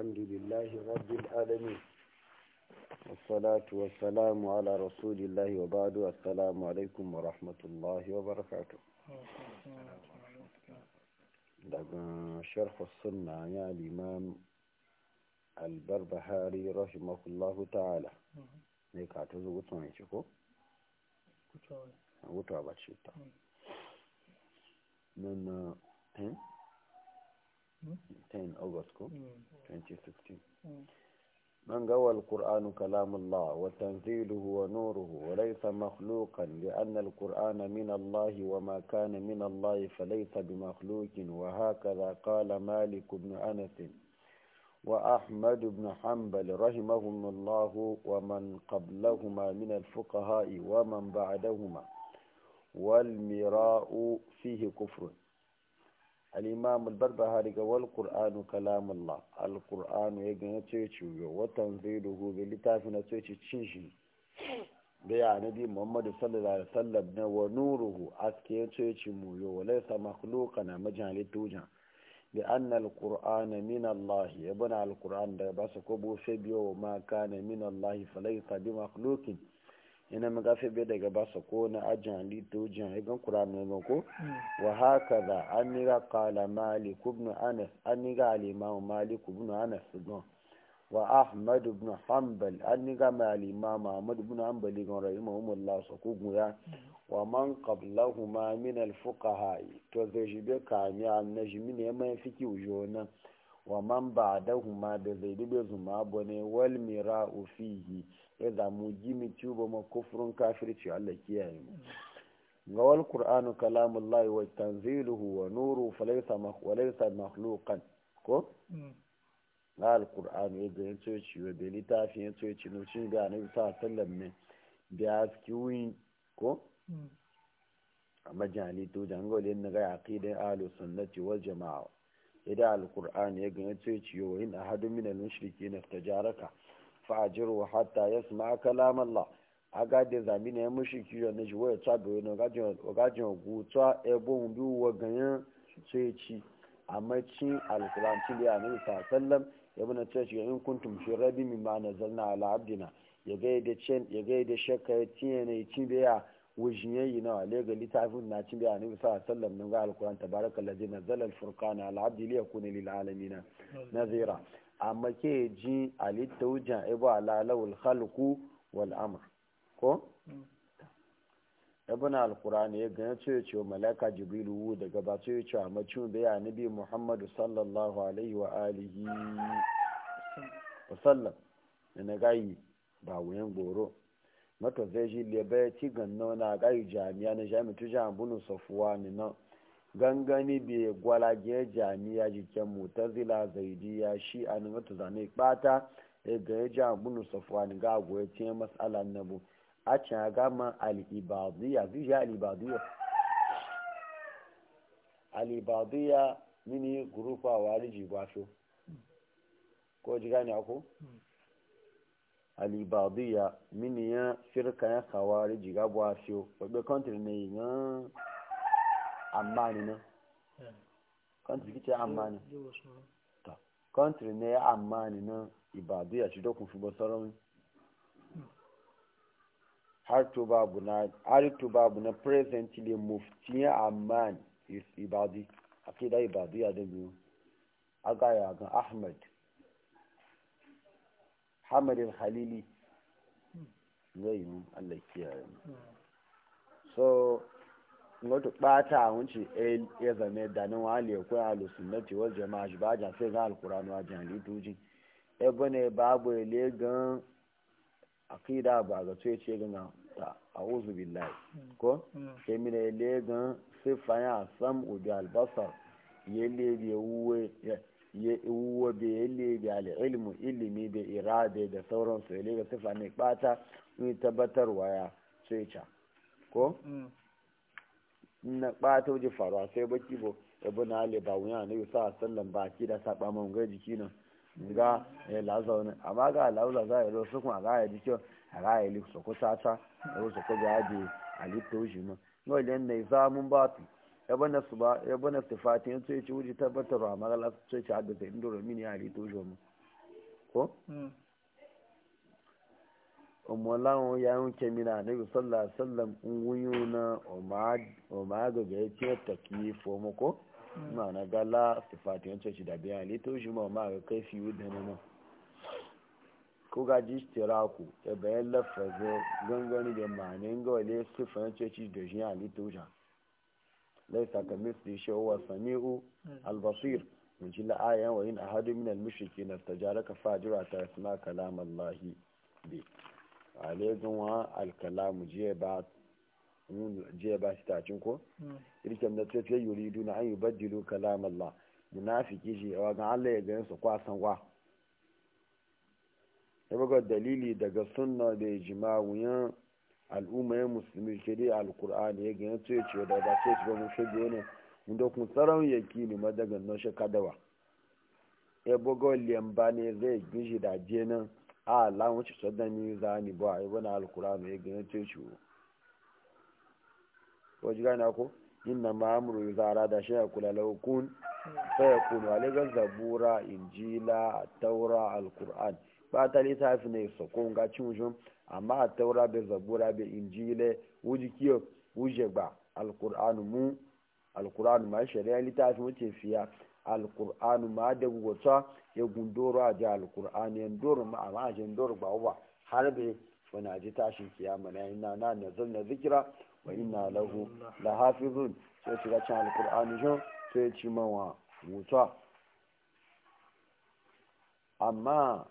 الحمد لله رب العالمين والصلاة والسلام على رسول الله وبعد السلام عليكم ورحمة الله وبركاته daga sharh sunna ya al-imam al-barbahari rahimahullahu ta'ala ne ka ta 10 august ko 2015 mm. mm. man wa tanziluhu wa nuruhu wa laysa makhluqan li anna alquran min allah wa ma kana min allah fa laysa bi makhluqin wa hakadha qala malik ibn anas wa ahmad ibn hanbal rahimahum allah wa man qablahuma min alfuqaha wa man ba'dahuma wal mira'u fihi kufrun الإمام البربهاري قال والقرآن كلام الله القرآن يجن تشيو وتنزيله بلتافنا تشيشي بيع نبي محمد صلى الله عليه وسلم ونوره أسكي تشيمو وليس مخلوقا مجهل توجا لأن القرآن من الله يبنى القرآن ده بس كبو فيبيو ما كان من الله فليس بمخلوق ina magafe bai daga ba ko na ajin halittu jin haigan kuranu ya ko hmm. wa haka da an niga kala malik ibn anas an niga alimamu malik ibn anas sugbon wa ahmad ibn hanbal an niga mai alimamu ahmad ibn hanbal gan umar lasa ko guya hmm. wa man huma min alfuka hai to zai jibe kamiya na jimi ya mai fiki ujo nan wa man ba da da zai dube zuma bane wal mira ufihi ya mu gimi tuba ma kufrun kafirci Allah kiyaye mu ga wal qur'anu kalamullah wa tanziluhu wa nuru falaysa walaysa makhluqan ko na mm. alqur'anu ya ga yace ci wa da fi yace ci no cin ga ne sallallahu sallam ne da askiwi ko mm. amma jani to jangole ne ga aqidan ahlus sunnati wal jamaa ida alkur'an ya gane ce ciyo wa yin a min al-mushrikeena istajaraka fa ajruhu hatta yasma kalam Allah aga a zamina ya mushriki yo ne jiwo ta do no gajin gajin ta ebo ndu wo gane ce ci amma alkur'an alquran ci da annabi sallam ya bana ce ciyo in kuntum shi rabi mimma zalna ala abdina ya gaida ya ga da shakka ya ci wajin yayi na wale ga littafin na cin biya annabi sallallahu alaihi wasallam nan ga alquran tabarakallazi nazzala alfurqana ala abdi liyakuna lil alamin nazira amma ke ji alitta wujan ibu ala lawul khalqu wal ko ibn alqur'ani ya gane cewa cewa malaka jibrilu wu daga ba cewa cewa macin biya annabi muhammadu sallallahu alaihi wa alihi wasallam na gayi ba wuyan goro mata zai lebe ci ganna na gayi jami'a na jami'a tu jami'a bunu safuwa ni na gangani bi gwalage jami'a jikin zila mutazila ya shi a ni mata zane bata e ga ya e jami'a bunu safuwa ni ga goya ci mas'ala na bu a can a gama al'ibadiyya zai ji al'ibadiyya mini gurupa wa riji ko ji ako hmm. alibadiya mini ya firka ya kawari jiga bu afiyo wadda country ne yi na amani na country kice amani ta ne ya amani na ibadiya shi dokun fi basarar har to babu na presently to babu amani present le mufti is ibadi akida ibadiya da biyu agaya ga ahmed hamad halili zai mu Allah kiyaye mu hmm. so wato bata wuce eh, ya zame da nan wali ko ahlu sunnati wal jamaa shi ba jan sai ga alqur'ani wa jan lituji e bane babu le gan akida ba ga sai ce gan ta a'udhu billahi hmm. ko hmm. sai mine le gan sai fanya sam u bi albasar yele bi uwe ya uwa bai yalle da al'ilmu ilimi da irada da sauransu ya lega sifa mai bata ni tabbatarwa ya sai ca ko mm. na bata waje faruwa sai baki bo abu na ale ba wuya ne sa sallan baki da saba man ga jiki nan ga ya eh, laza ne amma ga lauza za ya yi su kuma ga ya jiki a ga ya li su ko tata ko su ko ga ji ali to shi ma no idan yabana su ba yabana sifati in sai ci wuji tabbatar wa magala su sai ci haddasa inda romin a rito shi mu ko hmm. umarlan ya yanke mina na yi sallah sallam ungunyo na umaru ga ya ce ta ki fomo ko hmm. ma na gala sifati in sai ci da biya rito shi ma ma ga kai fiye da nan ko ga ji tiraku ya bayan lafazo gangani da ma'anin ga wale sifan sai ci da shi ya rito shi laisa ka misli shi wa sami'u albasir mun ji la'ayan wa yin ahadu min almushriki na tajaraka fajira ta asma kalam Allah bi alaikum wa alkalamu jiya ba shi tacin ko irkem da tafiye yuri na an yubaddilu kalam Allah munafiki shi wa ga Allah ya ganin su kwasan wa ya buga dalili daga sunna da ijma'u yan al'ummar musulmi ke dai alkur'ani ya gina tsoye ce da ba ce ba mushe biyo ne inda kun tsaron yanki ne madagan na shi kadawa ya e bugo liyamba ne zai gishi da jenin a alamun wuce tsaddan ni za ni ba a e yi wani alkur'ani ya gina tsoye ce wajen gana ku. inna ma amuru zara da shi a kula laukun sayakun waligar zabura injila taura alkur'an ba ta littafi ne sakon gacin wujen amma a taura bai zabura bai injile wuji kiyo wuje ba alkur'anu mu alkur'anu ma shari'a littafin wuce fiya alkur'anu ma da gugota ya gundoro a ji alkur'anu ya ndoro ma a ji ba wa har bai ji tashin kiyama na ina na nazar na zikira wa ina lahu la hafizun sai shiga can alkur'anu shan sai ci mawa wuta amma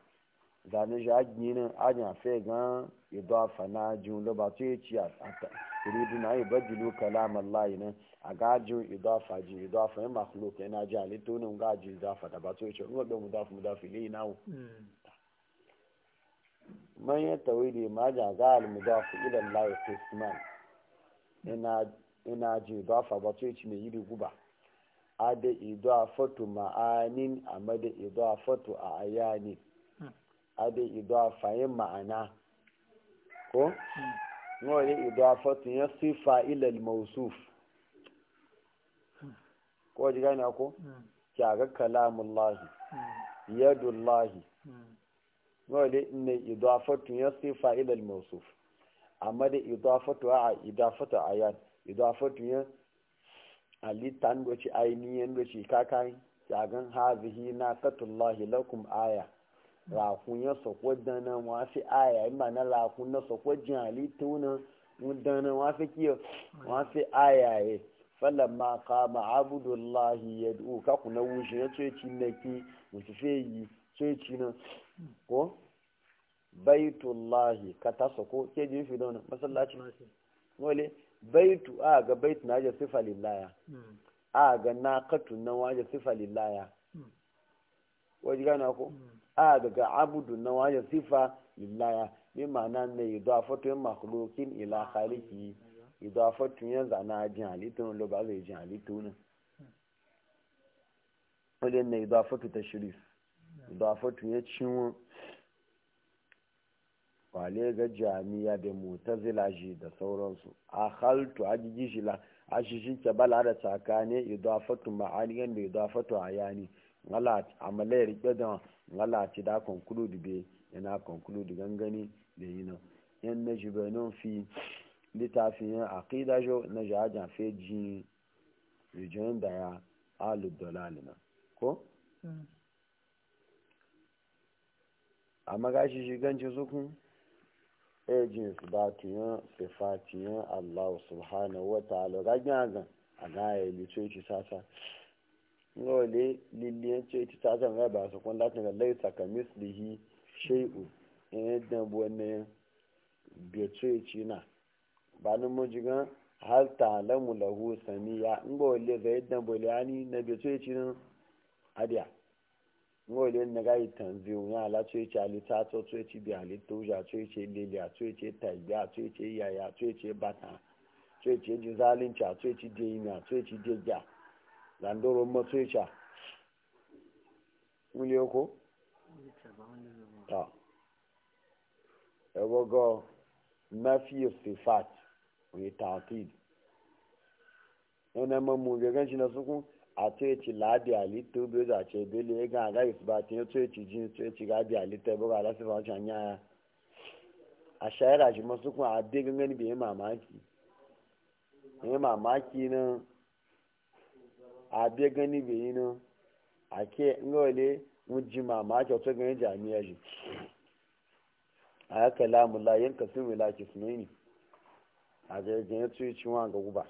zane shi ajinin ajin fe gan afa na ajin lo ba to yace turidu na yi badilu kalam Allah ne a gajin afa ji afa idafa yin makhluk yana ji halittu ne ga ji idafa da ba to yace in wadda mudafi mudafi ne ina wu hmm. man ya tawili ma ja ga al mudafi ila Allah qisman ina ina ji afa ba to yace ne yiri guba a ada idafatu ma'anin amada idafatu ayani afa ye ma'ana ko afa hmm. idafatun ye sifa ilal mausuf hmm. ko ji gani ko hmm. kyaga kalamun lahi yadun lahi wani ne idafatun ye sifa ilal mausuf amma da idafatu a idafatu a yan idafatu ya halittar doci ainihin doci kakai kyagan hazihi na katullahi lakum aya rafun ya sokwa dana wa fi aya in ba na rafun na sokwa jin halittu na mun dana wa fi kiyo wa fi aya ye falamma qama abdullahi yad'u ka kuna wuce ya ce na ne ki mutu fe yi ce ci na ko baitullahi ka ta soko ke jin fi dona masallaci wale baitu a ga baitu na ja sifa laya hmm. a ga na katu na wa ja sifa lillaya hmm. wajen gana ko hmm. a daga abudu na wajen sifa lillaya bi ma'ana na idafatun makhlukin ila khaliki idafatun ya zana jin halittu na ba zai jin halittu ne wajen na idafatu ta shirif idafatu ya cinwa kwale ga jami'a da mota zilaji da sauransu a haltu a jijishila a shishin ke bala da tsakani idafatu ma'aniyan da idafatu a yanin ngala amalayar rike da ngala ci da conclude be yana conclude gangani da yi nan yan na shi benin fi littafin aqida jo na jajan feji rijiyon da ya alu dalali na ko hmm. amma shi ganci sukun ejin su ba tiyan sifatiyan allahu subhanahu wa ta'ala gaggan a ga ya yi sata lole lilie ce ita ta zan ba su kwanda ta lallai saka mislihi shai'u in e, yadda wani bece na ba ni mujigan har ya lahu samiya in ba wale zai yadda na bece ci nan adiya ba na gayi tanziyu ya ala ce ce alita to ce ci bi alita wuja ce ce liliya ce ce yaya ce bata ce ce jizalin ce ce ce deyina ce zandoro matsoyica wuli ko? ta ẹwọ́gọ́ matthew sifat wí tààtìd ẹnẹ mọ́ mú gẹ́gẹ́ ṣe lọ́sọ́kún àti ètì láàbì àlítẹ́ obìnrin àti ìbílẹ̀ ẹgbẹ́ àgá ìfúba tí ó echi ètì jí tó ètì láàbì àlítẹ́ bọ́ọ̀ aláṣẹ́fà ọ̀ṣà ń yára àṣà ẹ̀rọ àṣìmọ́sọ́kún na. abe gani bai yi nan a ke ma m'a mamaki wato ganin jami'a shi a ya la layin kasin wilaki su ne a gaggan su yi cinwa ga guba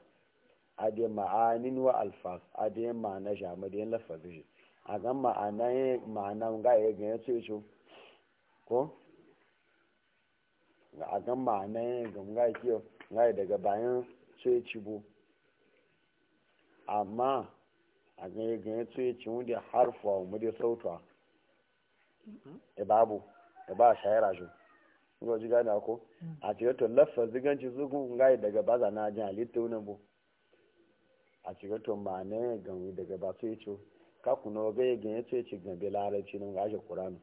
a da ma'anin wa alfas a da yin ma'ana shi a madiyan lafazi shi a gan ma'ana ya ma'ana ga ya gani su yi ko a gan ma'ana ya gamga kiyo ga daga bayan su yi cibo amma a zai ga ya tsaye ci wunde harfa wa mude sautuwa e babu e ba shayara shi ga ji gane ko mm. a ce to lafa ziganci zugun gai daga baza na jin halitta na bu a ce to ma ne ganwi daga ba sai ci ka kuna ga ya ganye tsaye ci gambe larabci nan ga shi kuranu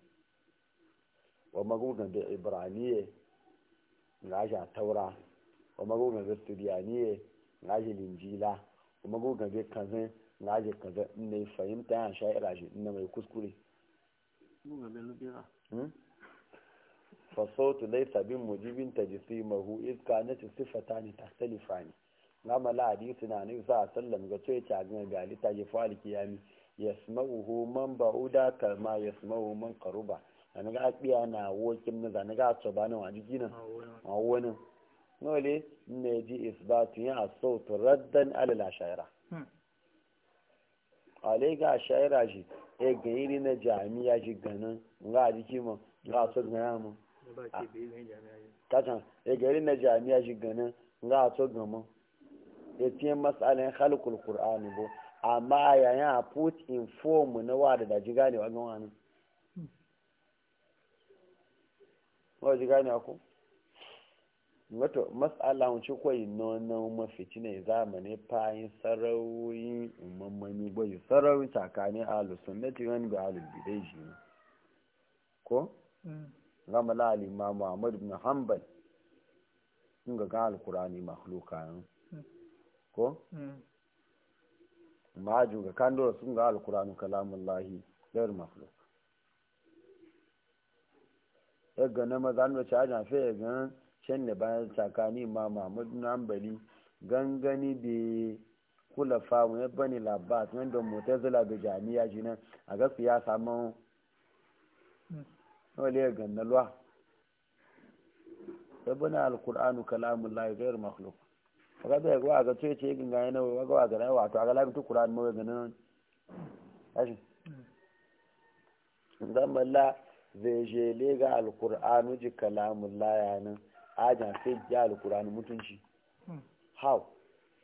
wa magun da ibraniye ga shi taura wa magun gambe studiyaniye ga shi linjila wa magun gambe kazin na kaza kaza ne fahimta ya sha'ira shi ina mai kuskure hmm? fasautu dai sabin mujibin ta jisi mahu iska na ci siffata ne ta salifa ne gama la'adi suna ne sa sallam ga ce ta gina gali ta jefa alkiyami ya sma'uhu man ba'uda kalma ya sma'uhu man karuba a naga akpiya na wokin na zanaga ga tsoba na wani gina a wani nole ne ji isbatu ya sautu raddan alala shaira hmm. ale ga shaira shi e gairi na jami'a shi ganin nga jiki mu nga so gana mu kacan e gairi na jami'a shi ganin nga so gama e fiye matsalin halkul qur'ani bo amma yayin a put in form na wa da daji wa gan wani wa ji gane ko wato matsala wace kwai nono mafi ne zamani fayin sarauyin umarmani bai sarauyin tsakanin alusun na tiwon ga alubidai shi ne ko? ramala mm. ma muhammad ibn hanbal mm. Mm. sun ga gan alkurani makhluka yin ko? ma'ajin ga kandora sun ga alkurani kalamun lahi ɗayar makhluka ya gane maza wace cajan fiye ganin can da bayan tsakani ma mahmudu na ambali gangani da kula famu ya bani labas wanda zula da jami'a shi nan a gasu ya samu wale ya ganna luwa sabana alkur'anu kalamun layi gairu makhluk ga da ga tsoye ce ce gin ga nawa ga ga ga wato ga labi qur'an mu ga nan ashi dan malla zai je le ga alkur'anu ji kalamun lahi nan ajan sai ji alkurani mutunci hmm. how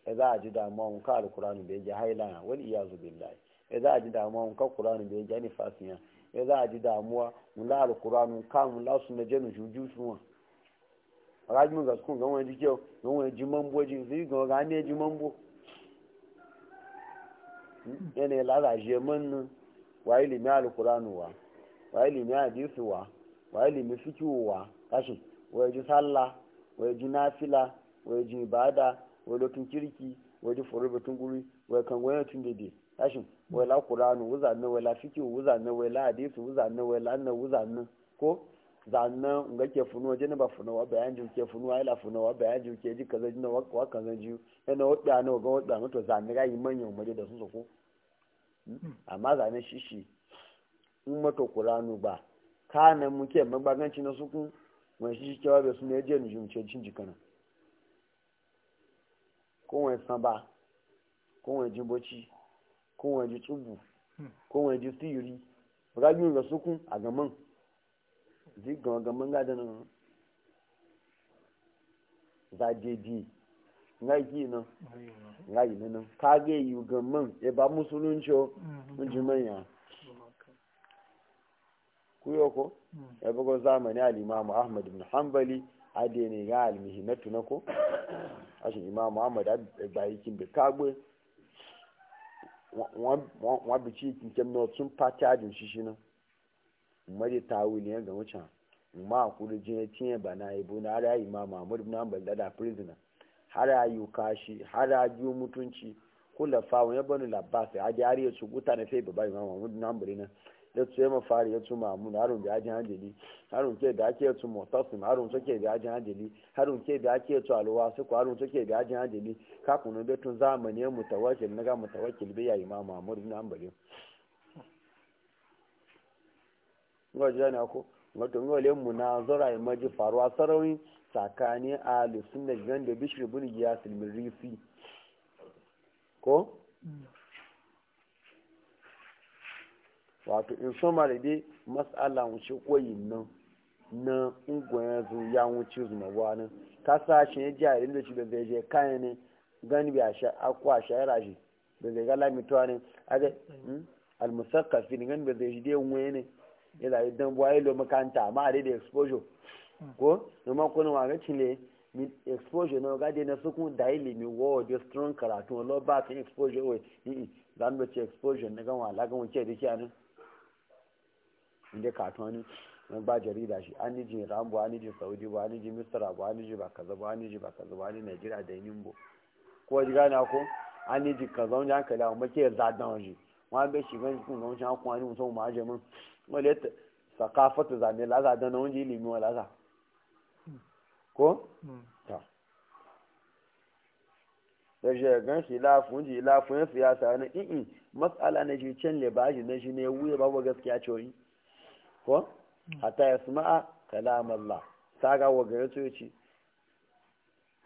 ya za a ji damuwan ka alkurani bai ji hailana wani iya zubin layi ya za a ji damuwa ka kurani bai ji nifasiya ya za a ji damuwa mula alkurani ka mula su na jenu juju suwa rajin ga sukun ga wani jikiyo ga wani ji mambo ji Zai yi ga ne ji mambo yana hmm? hmm. yi lalaje mannin wa ilimi alkurani wa wa ilimi hadisi wa wa ilimi fikiwo wa kashin wai ji sallah wai ji nafila wai ji ibada wai lokacin kirki wai ji furu batun guri wai kan wani tun dede tashin wai la qur'anu wuza na wai la fiqh wuza na wai la hadisi wuza na wai la na wuza na ko zanna nga ke funu waje ne ba funu wa bayan ji ke funu ai la funu wa bayan ji ke ji kaza ji na wa kaza ji yana wadda na ga wadda to zanna ga yi manyan mare da sun ko. Hmm? Hmm. amma zannan shishi in mata qur'anu ba kana muke magaganci na sukun wọ́n ṣíṣí kí wọ́n bẹ̀ sún ẹjẹ́ ìlú yìí ṣẹ́jú jìkan náà kó wọ́n sanba kó wọ́n jí bọ́chí gan àgàmọ́ ńlá dáná náà zàdédé ńlá yìí náà ńlá yìí yi káàgé yìí gan mọ́ ẹ̀bá mùsùlùmí ń kuyo ko hmm. ya bugo zamani al-imamu ahmad ibn hanbali ade ne ga al-mihnatu na ko ashi imamu ahmad bai kin be kagwe wa bi ci kin kem no sun pati adin shi shi na mari tawili ne ga wucin ma ku da jin tiye na ibu na ara imamu ahmad ibn hanbali da da prisoner har ayu kashi har ayu mutunci kula fa wani banu labbas a jariya su guta na sai babba imamu ahmad ibn hanbali na ya tsaye fari ya tuma na harun da ajin hanjali harun ke da ake tu ma harun ke da ajin hanjali harun ke da ake tu aluwa su ku harun ke da ajin hanjali ka kunu tun zamani mutawakkil na ga mutawakkil bai ya imam Muhammad ibn Hanbali ngo jani ako wato ngo le munazara maji faruwa sarawi tsakanin ahli sunna ganda bishri bin giyas al ko mm. wato in summary dai mas'ala wuce koyin nan na ungoyan zu ya wuce zu na wani kasashen ne ji a inda shi da zai je kayan ne gani bi a akwa shayara shi da zai ga lamituwa ne a ga hmm, almusakka fi ne gani ba zai shi dai wani ne ya zai dan buwa ilo makanta amma a dai da exposure hmm. ko noma kuna ne cile exposure na ga dai na sukun da yi ilimi wo da strong karatu lo ba kan exposure wai zan ba ce exposure na gan wala gan wuce da shi anan inda katon ba jarida shi an nijin rambu an nijin saudi ba an nijin misra ba an yi ba kaza ba an yi ba kaza ba an nijin nigeria da nimbo ko ji gane ko an nijin kaza wani an kala amma ke zaɗan waje wani bai shiga cikin shi an kuma wani musamman ma ajiye min wani ya sakafata zane laza da na wani ilimi wa za ko ta da shi gan la fun ji fun siyasa na i'i matsala ne shi can libaji na shi ne wuya ba gaskiya cewa ko hmm. hatta ya sama'a kalam Allah saga wa to yace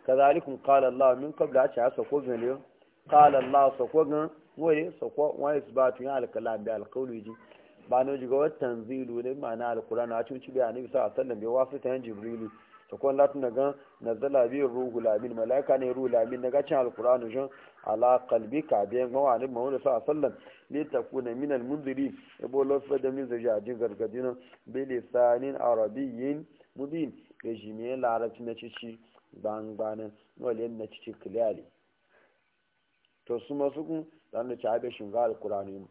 kazalikum qala Allah min qabla a ta sako gane qala Allah sako gan wani sako wani isbatu ya al-kalam bi al ji ba no jiga wa tanzilu ne ma na qurani a cikin bi annabi sallallahu alaihi wasallam bi wasita yan jibrilu ta kon latin na daga nazala bi ruhu lamin malaika ne ruhu lamin daga cin alqur'ani jin ala qalbika bi yan gawa ne mawdu sa sallam ne ta kuna min al munziri ibo lofa da min zaja jin gargadina bi lisanin arabiyyin mubin rejime larabci na cici gbangbanin wale na cici kiliyali to su masu kun zan da ci abin shiga alkurani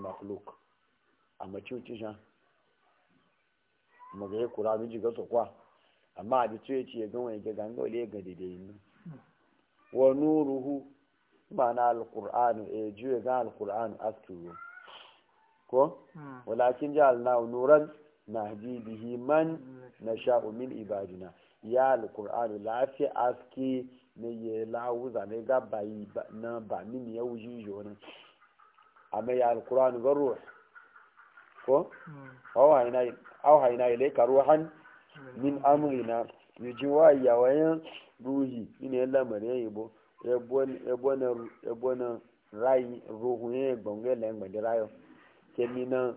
makuluk a mace wuce shan magaye kurani jiga su kwa amma a bitu ce ga wani ga ganga wale ga daidai ne wa nuruhu ma'ana alkur'anu e eh, juya ga alkur'anu asturo ko hmm. walakin ji alna nuran na ji bihi man na sha'u min ibadina ya alkur'anu lafiya aski na ya lawuza ne ga bayi na ba min ya wuji jonin amma ya alkur'anu ga ruwa ko hmm. auhaina ilaika hannu min amrina ya ji wa yawayen ruhi ina yalla mare yabo ebona ebona rai ruhu ne gbonge la ngba de rayo kemi na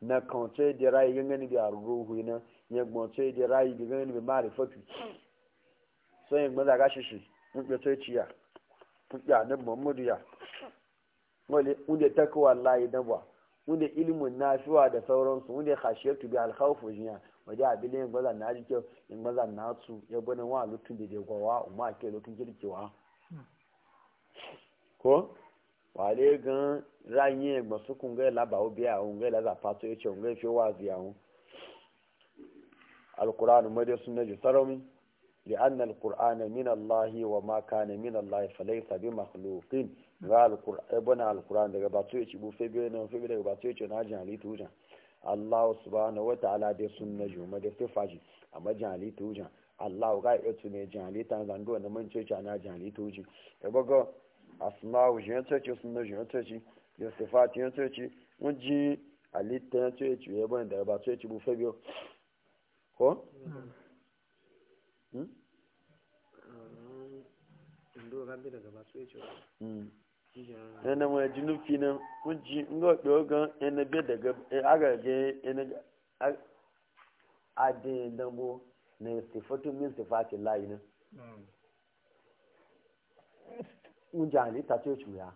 na kan tse de rai ganga ni a ruhu ina ye gbon tse de rai bi ganga ni bi mari fotu so yin gbon daga shishi mun pe tse ciya mun ya ne muhammadu ya wale unde takwa wallahi dabwa unde ilmun nafiwa da sauransu unde khashiyatu bi al khawfu jiya wajen abin bilin yin gwazan na jike yin gwazan na su ya gwanin wa lutun da zai gwawa umar ke lutun kirkewa ko wale gan ranye masu su kun gai laba obi a hun gai laza fato ya ce hun gai fi wa ziya hun alkur'an mada sun naji sarami لأن القرآن من الله وما كان من الله فليس بمخلوق قال القرآن ابن القرآن daga batu ya ci bu fe biyo ne fe daga batu ya ci na jin halittu Allah subhanahu wa ta'ala dai sunna juma da sifa shi amma jali tujan Allah ga ya tune jali ta zando na mun cece na jali tuji da baga asma'u jin cece sunna jin cece da sifati jin cece mun ji alita alitta cece ya ban da ba cece bu fabio ko hmm ndo ga bi yana wa jinufi nan kunci ngo do gan ene be daga e, aga je ene adin dambo na sifatu min sifati layi nan un jani ta ce cuya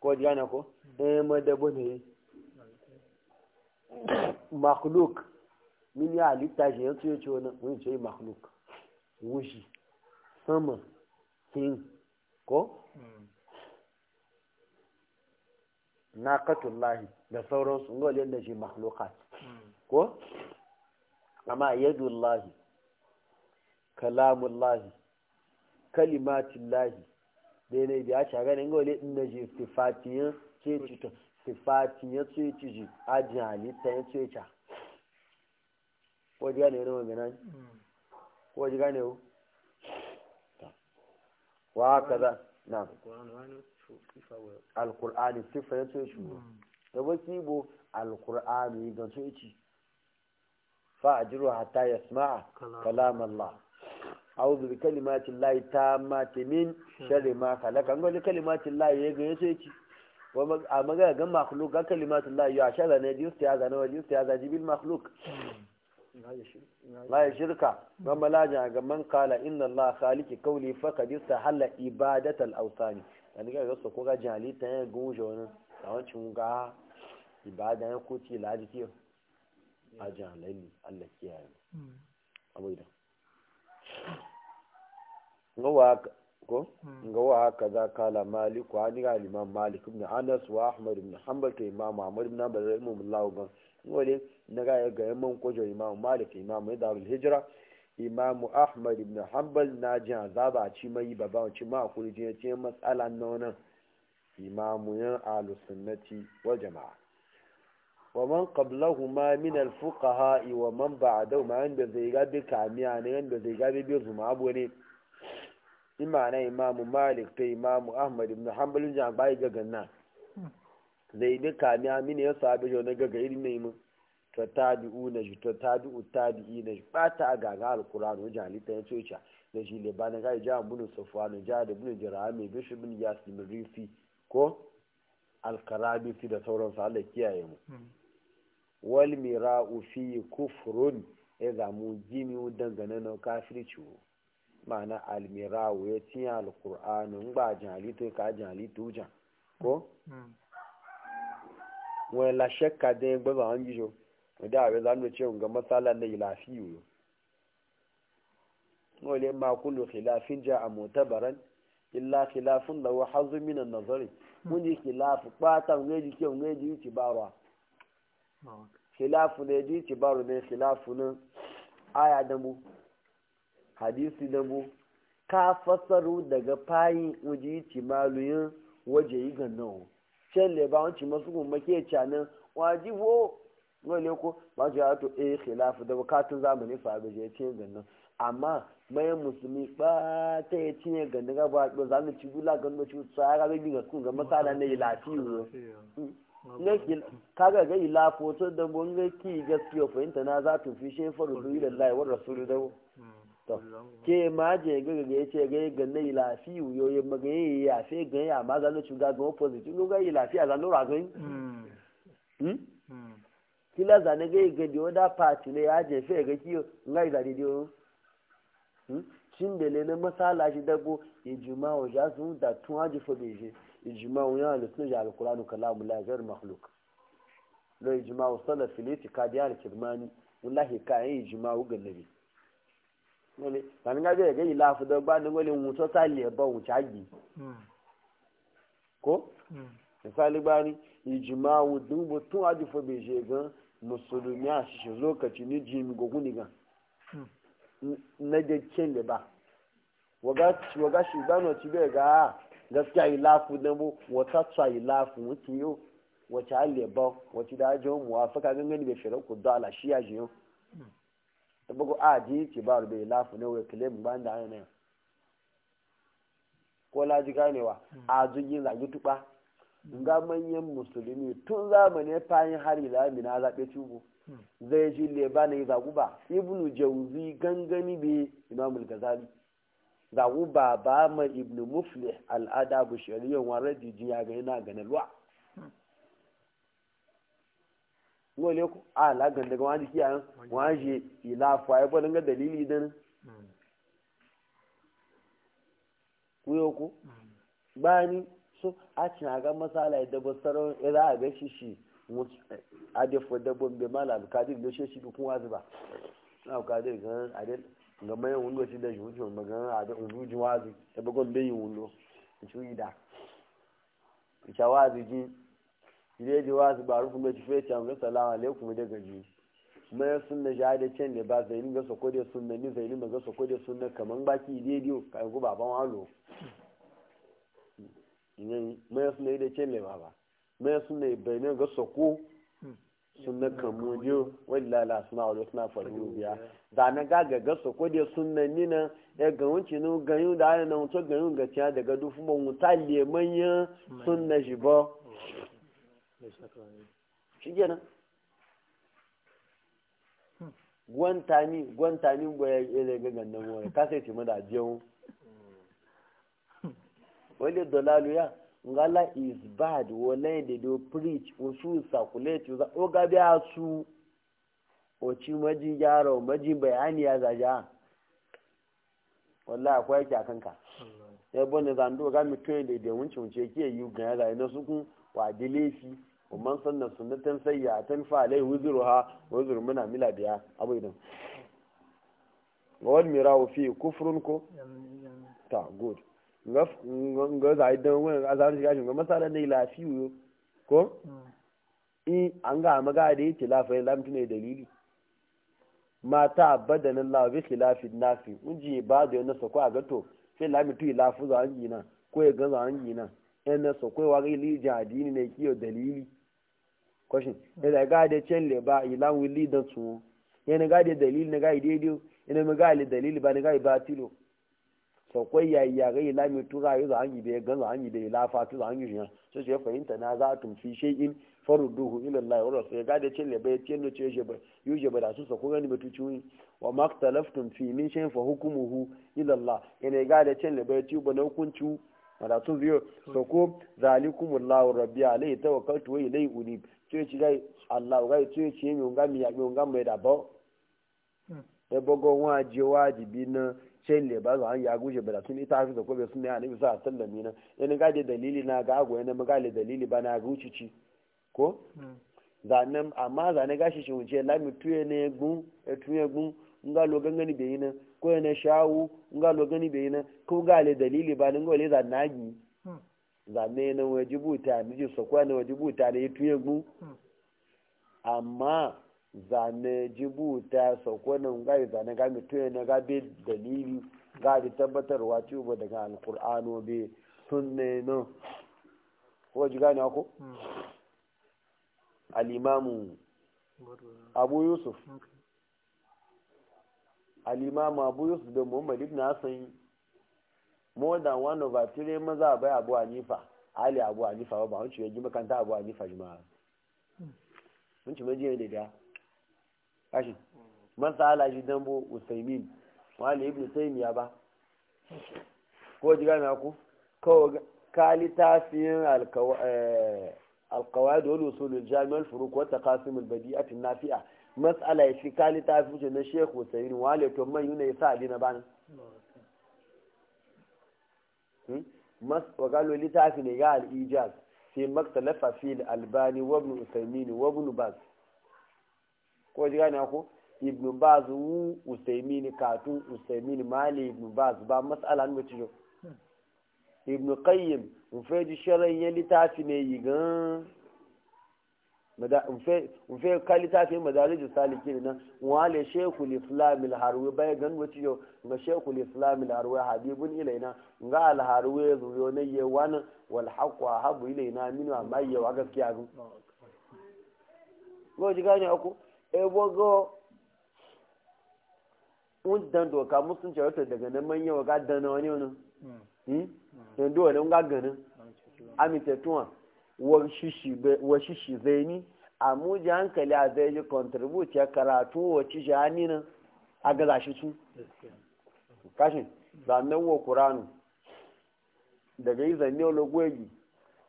ko jana ko eh madabo ne makhluk min ya halitta shi ya ce na wani mun ce makhluk wushi sama king ko naqatullahi da sauran su ngol yanda shi makhluqat hmm. ko amma yadullahi kalamullahi kalimatullahi dai ne biya ci gane ngol da shi sifatiyan ce ce ci sifatiyan ce ce ji ajali ta ce ta ko ji gane wannan magana hmm. ko ji ne wa kaza na alkur'ani sifa ya ce shi hmm. da wasi bo alkur'ani ga ce ci fa ajiru hatta yasma'a kalam Allah a'udhu bi kalimati ta tammati min sharri ma khalaqa an gole kalimati llahi ya ga ya ce ci a magana ga makhluk ga kalimati layi ya shara ne ta hmm. ya zana wa jisti ya zaji bil makhluk la ya shirka mamalaja ga man kala inna allaha khaliqi qawli faqad istahalla ibadatal awsani yani ga gaso hmm. ko ga jali ta yan gunjo a da wancin ga ibada ya kuti ladi kiyo a jalali Allah hmm. kiyaye abu idan ngowa ko ngowa kaza kala malik wa ni ga imam malik ibn anas wa ahmad ibn hanbal ta imam ahmad ibn hanbal rahimahullah ga ngole na ga ga yamman kojo imam malik imam da hijra imamu ahmad ibn hanbal na ji azaba a ci mai baba ci ma a kuri jiya ce matsala na wannan imamu yan alusunnati wa jama'a wa man qablahu ma min al fuqaha wa man ba'dahu ma inda zai ga bi kamiya ne inda zai ga bi zuma abu ne imana imamu malik da imamu ahmad ibn hanbal ji an ga ganna zai bi kamiya min ya sabi jo na ga ga irin ne mun to tabi'u na ji to tabi'u tabi'i na ji bata a gaga alkur'an wajen halitta ya coca da shi le bana ga ja bunu safwan ja da bunu jirami bishi bin yasim rifi ko alkarabi fi da sauransu Allah kiyaye mu hmm. wal mira'u fi kufrun ya zamu jimi dangane na kafirci ma'ana al ya tiya alkur'an in ba ya ka jalitu jan ko hmm. hmm. wala shakka da gbaba an da abin za mu ce ga matsala na ilafiyu wale ma kullu khilafin ja a mutabaran illa khilafun da wa hazu minan nazari mun yi khilafu kwata ne ji kyau ne ji ci barwa khilafu ne ji ci baro ne khilafu nan aya da mu hadisi da mu ka fasaru daga fayin uji ci maluyin waje yi gannan can le ba wancin masu gummake canan wajibo wale ko ba su ya to eh khilafu da bukatun zamani fa ga je cin gannan amma mai musulmi ba ta ya cinye gannan ga ba ba za ci gula gannan ci tsara ga ga kun ga masala ne ilafiyo ne kaga ga ilafo to da mun ga ki gaskiya inta na za ta fi shin faru da lillahi wa rasulu da to ke ma je ga ga ce ga gannan ilafiyo yo ya maga ya sai ga ya ma ga no ci ga go opposite no ga ilafiya a no ra ga hmm. hmm? hmm. kila zane ga ga diyo da pati ne ya je jefe ga kiyo ngai zane diyo shin hmm? da lele masala shi dabo ijma wa ja sun da tun haji fo be je ijma wa ya da sun ja alqur'anu kalamu la ghair makhluq lo ijma wa salaf fil itiqad ya al-kirmani wallahi ka yi ijma wa ga nabi wale tan ga ga ila fu da gba ni wale mu to ta le bo mu chagi ko misali gbani ijma wa dubo tun haji fo be je gan musulmi a shi lokaci ni jimi goguni gan hmm. na da kele ba waga shi gano ci bai ga gaskiya ilafu na mu wata tsa ilafu mutu yau wace halle ba wace da ajiyar mu afirka gangan da shirar ku ala shi ya jiyo ta hmm. bugu a ji ci ba rube ilafu na wai kile mu ban da ana ko laji ganewa hmm. a zugin zagi tuba ga manyan musulmi tun zamani fayin hari lami na zaɓe tubu hmm. zai ji leba na yi zaguba ibnu jauzi gangani be imamul gazali zaguba ba ma ibnu muflih al'ada bu shari'a wani rajiji ya gani na gani luwa wale hmm. ku ala lagan daga wani wani waje ila fayi ba ga dalili hmm. ku kuyo ku bani so a cin ga masala ya dabo sarar ira a ga shi shi a da fo dabo bai mala alkadir da shi bi kuma zuba alkadir ga adin ga mayan wundo shi da juji mun ga adin juji wazi da bugon bai wundo shi yi da shawazi ji ile ji wazi ba rufu mai fe ta ga salamu alaikum da gaji mai sunna ja da can da ba zai ga sokode sunna ni zai ga sokode sunna kamar baki daidai ka go baban walo yin suna yi da ce mai baba mai suna yi bayanin ga soko suna kamu biyu wani lala suna wani suna faru biya da na gaga ga soko da suna nina ya ga wuce nu ganyu da ana na wuce ganyu ga daga dufu ba wuta le suna shi ba shi hmm. gwantani gwantani gwaya wani kasa ya ce mada wale dolalu ya ngala is bad wala de do preach o su circulate za o ga biya su o ci maji gyara maji bayani ya zaja wallahi akwai yake akan ka sai bonne zan do ga mi tun de da wunci ki yi ga ya na su kun wa dilefi o man sanna sunnatan sayya tan fa alai wuzruha wuzru muna mila biya abu idan wal mirawu fi kufrun ko ta good ga zai don wani azarin shiga shiga masana ne lafiyu ko hmm. in an ga maga da yake lafiyar lamfi ne dalili mata abadanin lafi na fi unji ba da yana sako a gato sai lamitu lafu za an gina ko ya gaza an gina yan na sako wa ga ili jadini ne kiyo dalili kwashin ya da ga da can le ba ilan wili da su yana ga da dalili na ga daidai yana ga dalili ba na ga tilo. sakwai ya ya ga ila mai tura yi za hangi da ya gan za hangi da ya lafa tu za ya shi sai ya fahimta na za tun fi shay'in faruduhu ila Allah wa ya ga da cin labai cin da ce ba yuje ba da su sako gani ba tuci wa maktalaftum fi min shay'in fa hukmuhu ila Allah ina ga da cin labai ci ba na hukunci wala tun biyo sako zalikumullahu rabbi alayhi tawakkaltu wa ilayhi unib ce ci gai Allah ga ce ci mi ngam ya mi ngam da ba e hmm. bogo wa ji wajibi na cin le ba zuwa ya guje ba sun ita hafiza ko bai sunna ya nabi sa sallami na yana gaje dalili na ga agwaye na magale dalili ba na guci ci ko hmm. zanen amma zane gashi shi wuce lami tuye ne gun e tuye gun nga lo gangani bai yi na ko yana shawu nga lo gani bai yi na ko gale dalili ba nan gole za na gi hmm. zane na wajibu ta miji sokwa na wajibu ta da tuye gun hmm. amma zane jibuta saukonin gai zane ga mutum ga bi dalili ga bi tabbatarwa ci daga alkur'ano bi sunne no ko ji gane ko hmm. alimamu abu yusuf Alimamu abu yusuf da muhammad ibn hasan more than one over three maza bai abu anifa ali abu anifa ba ba wanci ya ji makanta abu anifa jima'a wanci hmm. mai da da kashi man sa'ala shi dambo usaimin wani ibn ya ba ko ji na ku kawai kali tasirin alkawai eh, wani usulun jami'ar furuk wata kasimin badi'atin nafi'a matsala ya fi kali tafi na sheikh usaimin wale to man yuna ya sa adina hmm? litafi ne لتعرف نجاح الإيجاز في مقتل ففيل albani وابن أسيمين وابن bas ko ji gane ko ibnu baz wu usaimin katu usaimin mali ibnu baz ba mas'ala ne ci yo ibnu qayyim mu fe ji sharan litafi ne yi gan mu fe ka litafi madarijus salikin na, wale shekul islam al harwi bai gan wati yo ga shekul islam al harwi habibun ilaina ga al harwi yo ne ye wan wal haqu habu ilaina min amma ye wa gaskiya go ji gane ko ebogo un dan doka musulunci wato daga na manya wa ga dana wani wani hmm. Hmm? Hmm. yanzu wani ga ganin tuwa wa shishi zai ni amu ji hankali a zai ji contribute ya karatu wa ci shani na a gaza shi su kashin zanen wa kuranu daga yi zanne wani gwegi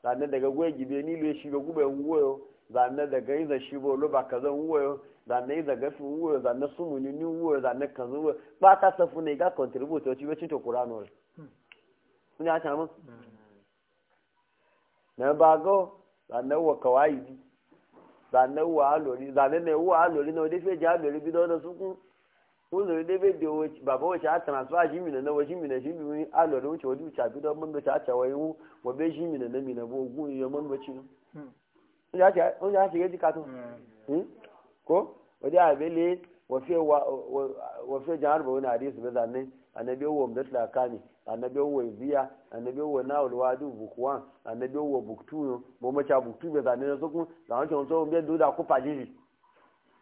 zanen daga gwegi nilo shi ga gube wuwayo zanen daga yi shi ba lo ba ka zan zane da gafi wuwa zane sumuni ni wuwa zane kanzu wuwa ba ta safu ne ga contribute wacce wacce to kurano ne kuna ya tamu na bago zane wa kawai zane wa alori zane ne wa alori na wadai feji alori bidon da suku kun zuri dai da wace baba wace a transfer shi mina na wace mina shi mina alori wuce wadi wuce bidon mun da ta ta wayi wu shi mina na mina bo gun ya mun bace ne ya ce ya ko wajen abele wafe jihar ba wani hadisi ba zanen annabi wa mdatla kani annabi wa biya annabi wa nawul wadu bukwan annabi wa buktu bo macha buktu be zanen so kun da wancan so be do da ku pajiri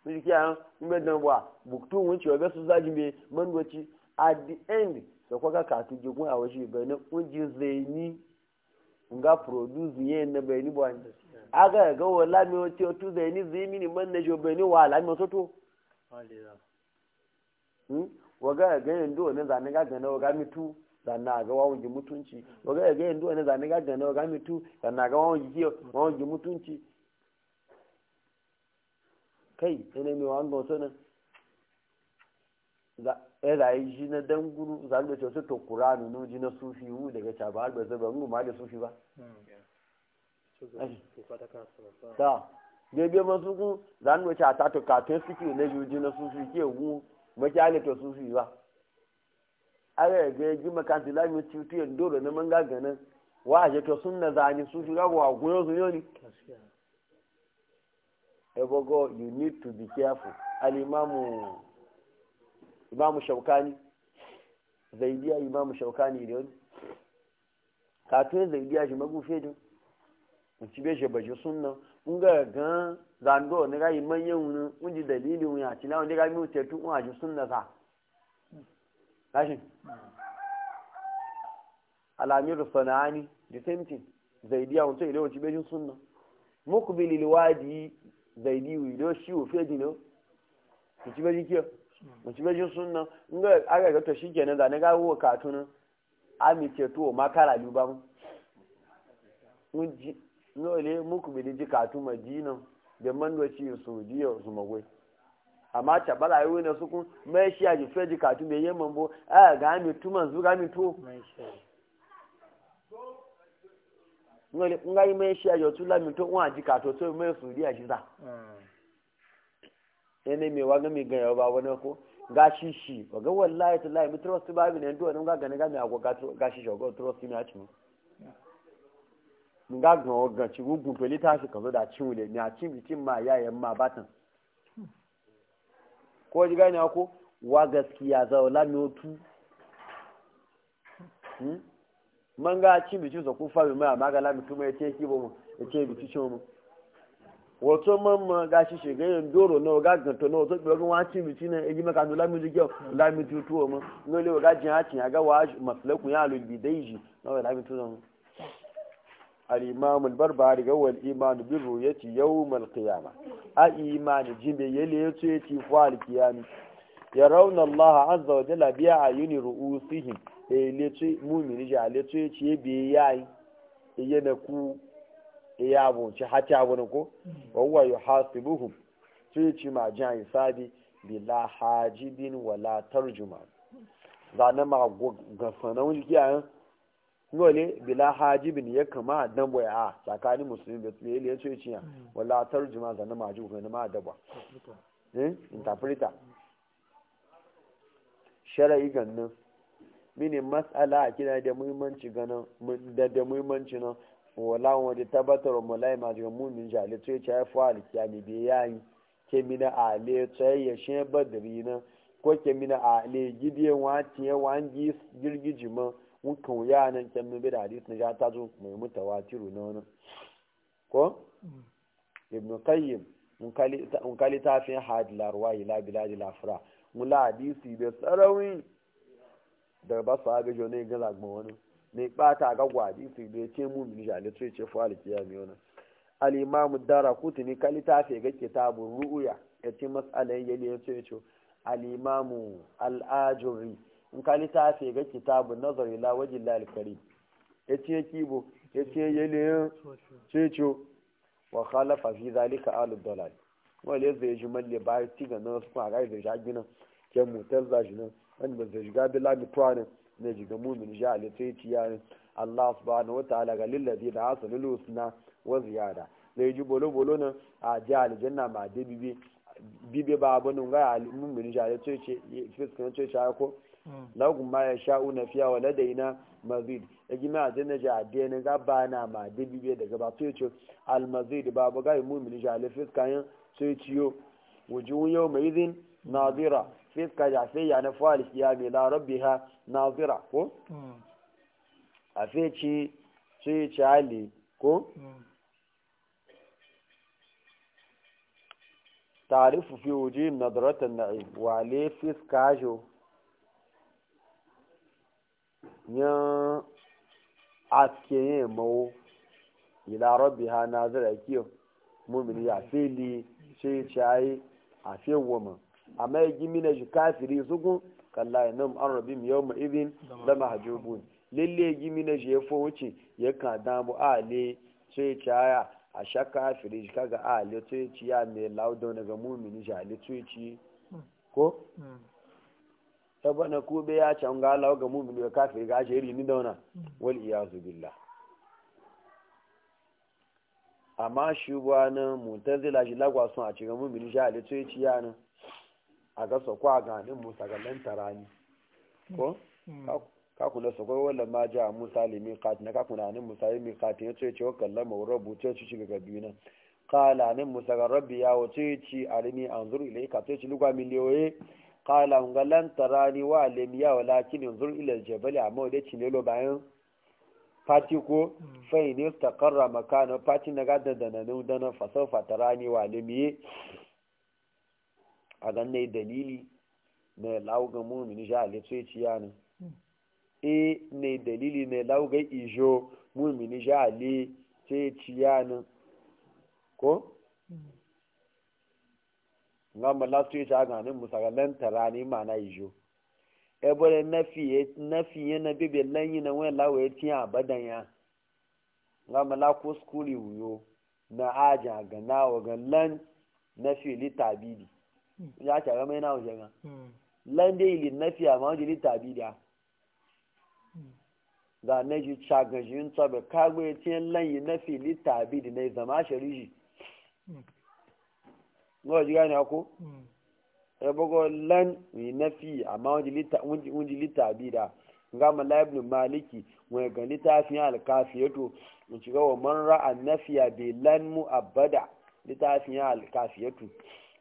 miji kiya mbe dan bwa buktu mun ci be su zaji be man doci at the end so kwa ka tu jigun a waje be ne kun ji zaini nga produce yen na be ni bwa ndasi aga ga wa lami o tiyo tu zai ni zai mini man na jobe ni wa lami o soto waga hmm? ga yin do ne zane ga gana waga mitu zanna ga wawon ji mutunci waga ga yin do ne zane ga gana waga mitu zanna ga wawon ji kiyo wawon ji mutunci kai ene mi wa ngo so na za e eh, da yi ji na dan guru za ga to to qur'anu no ji na sufi wu daga ta ba zaba ngu ma da sufi ba hmm, ta bebe masu kun za ni wace a tato katon suke na juji na sufi ke gu maki halitta sufi ba aga ga yaji makanti lami cutu yin dole na manga ganin wa a jeto sun na zani sufi rago a goyo su yoni ebogo you need to be careful alimamu imamu shaukani zaidiya imamu shaukani da yoni katon zaidiya shi magufe don mutu bai shi baje sunna in ga gan zando na gayi manyan wuni in ji dalilin wuni a cina wani gami wuce tun a ji sunna sa kashin alamir sana'ani the same thing zaidiya wuce ile wuce bai sunna mukbilil wadi zaidi wido shi wufe dino wuce bai kiyo wuce bai sunna in ga aga ga to shi kenan ne ga wo katunan amice to makara duba mu nole muku bi ji katu madina da mandoci su diyo su magwai amma ta bala yi wani suku mai shi a ji fe ji katu mai yin mambo a ga mi tu man zu ga mi tu nole nga yi mai shi a ji otu la mi tu wa ji katu to mai su diya shi za hmm. ene mi wa ga mi ga yau ba wani ko ga shi ga wallahi tallahi mi trust ba bi ne do nan ga ga ga mi ago ga gashi shi ga trust mi a cikin nga gan ogan ci gugun to litafi kan zo da cin wule ni a bi bikin ma yayan ma batan ko ji gane ko wa gaskiya za, zaula notu hmm? man ga cin bikin sa kun fami ma ma ga lami tuma yace ki bo yace bikin shi mu wato man ma ga shi shiga yin doro na ga gan to na to bi ga wa cin bikin na eji maka do lami jike lami tutuwa mu no le ga jin a cin ga wa maslakun ya lul bidaiji na lami tutuwa mu al’imam albarbari ga wani imanu bin ruyaci yau malkiyama a imanu jimbe ya ce ci falkiyami ya raunan allaha an zawa jala biya a yini ru'usihi a yale ce mummini ji a yale ce ci biya yayi iya na ku iya abunci haci abunan ko wawa yi hasi buhu ce ci ma jan isabi bi lahajibin wala tarjuma zanen ma gafanan wani kiyayen ngole bila hajibin ya kama dan boya a tsakanin musulmi da tsaye ne yace ciya wala tarjuma da na maji ko na ma da ba eh interpreter shar'i gannin mini mas'ala kina da muhimmanci ganin da da muhimmanci na wala wani tabbatar mulai ma ga mu'min jali tsaye ya fa alkiyami bi yayi ke mina ale tsaye ya she badri nan ko ke mina ale gidiyan wa tiye wa jirgijima mukan ya nan can mun bida hadisi na ta zo mai mutawatiru na wani ko ibn qayyim mun kali ta fi hadi larwa ila biladi lafra mun la hadisi da sarawi da ba sa ga jone ga lagma wani ne ta ga gwadi su be ce mu bi ja litre ce fa alkiya mi wani al imam darakuti ni kali ta fi ga kitabun ru'ya yace mas'alan yali yace al imam al ajuri in ka littafi ga kitabu nazar ila wajin lalikari ya ce kibo ya ce yanayin ceco wa khalafa fi zalika alu dalal wale zai ji malle ba ti ga nan su a gai da shagi nan ke mutar za shi nan wanda zai shiga bi lami tuwa ne jiga mumin ja a littafi ci yanin allah subhanahu wa ta'ala ga lillazi da hasanul husna wa ziyada zai ji bolo-bolo na a ji aljanna ma da bibe bibe ba abu nun ga alimin mini a da cece fiskan cece ko Hmm. lagun ma ya sha'u na fiya wa na mazid ya gina a jina ji adiya na ba na ma biyar daga ba sai ce almazid ba ba gai mu mini jale fiska yin sai ciyo wun yau mai izin nazira fiska ya hmm. sai ya na ya mai la rabbiha nazira ko a sai ci sai ci ali ko hmm. tarifu fi wuji نظرة na'i wale fiska كاجو yan aske yin mawo ila rabbi ha na kiyo mumini ya fili sai ciyayi a fewoma amma ya gimi na kafiri suku kalla an rabin yau ma izin zama hajjobun lalle gimi na ya wuce ya kan damu ale sai a sha kafiri shi kaga ale mai laudon daga mumini ale ko mm. tabbana ko bai ya can ga Allah ga mu'min ga kafir ga shiri ni dauna mm. wal iyazu billah amma shubana mutazila shi lagwa sun a cikin mu'min shi ali tsaye ya na a ga sako a ganin musa ga lan tarani mm. ko mm. ka kula su kai wallan ma ja musa limi qat na ka kula nan musa limi qat ya tsaye ciwa kallama rabbu tsaye ci ga biyu na qala nan musa ga rabbi ya wace ci an anzuru ilayka tsaye ci lugwa miliyoyi. kala nga lan tarani wa alim ya walakin yanzur ila aljabali amma ne lo bayan fati ko mm. fa in istaqarra makana fati na ga dandana ne dana fa tarani wa alim ye a ne dalili ne lauga mu'mini ja le tsoyi yana mm. e ne dalili ne lauga ijo mu'mini ja le tsoyi yana ko nga mala tu ta ga ne musa len lan tarani ma na yijo e bole nafi nafi na bibe len yi na wani lawo ya tiya abadan ya nga mala ko skuli wuyo na aja ga na nawo ga len lan nafi li tabidi hmm. ya ta ga mai nawo ga hmm. lan dai li na nafi amma wani li tabidi ya hmm. ga ne ji chagajin tsabe kagwe tiyan len yi na fi li tabidi ne zama shariji ngo ji gane ko mm. e eh, bogo lan wi nafi amma wunji lita wunji lita bida nga mala ibn maliki wa ga litafin al-kafiyatu mun ci gawa man ra'a nafiya bi lan mu abada litafin al-kafiyatu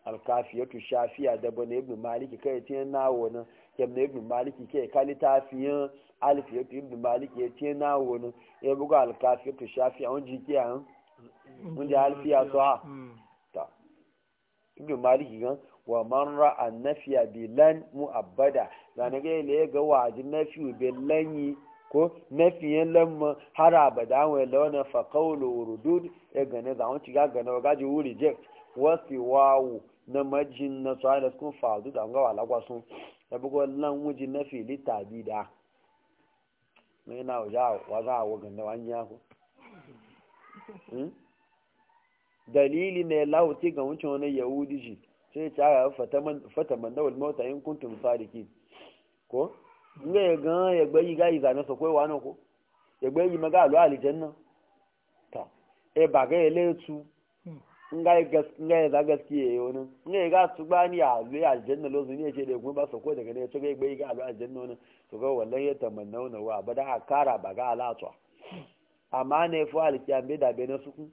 al-kafiyatu shafiya da bane ibn maliki kai tin nawo nan kemna ibn maliki ke ka litafin al-kafiyatu ibn maliki ya tin nawo nan e eh, bugo al-kafiyatu shafiya wunji kiyan mm. wunji alfiya so ibn maliki gan wa man ra'a nafiya bi lan mu'abbada da na gai le ga waji nafiyu bi lan yi ko nafiyan lan mu har abada wa lawana fa qawlu rudud e gane za mu ciga gane ga ji wuri je wasi wawu na majin na sun fa fa'du da ga wala kwasun e da bugo lan wuji nafi li tabida mai na wa ja wa za wa ganda wanya ko dalili ne lauti ga wucin wani yahudi shi sai ci aga fata man dawal mota in kuntum sadiki ko nga ya ga ya gbayi ga yi zane so koyi wani ko ya gbayi maga alu alijanna ta e ba ga ya letu nga ya za gaskiya ya wani nga ya ga tu ba ni a zai aljanna lo zuni ce da kuma ba so ko daga ne ya ce ga ya gbayi ga alu aljanna wani so ga wallan ya tamanna wani wa ba da a kara ba ga alatuwa amma ne fu alkiyan da bai na sukun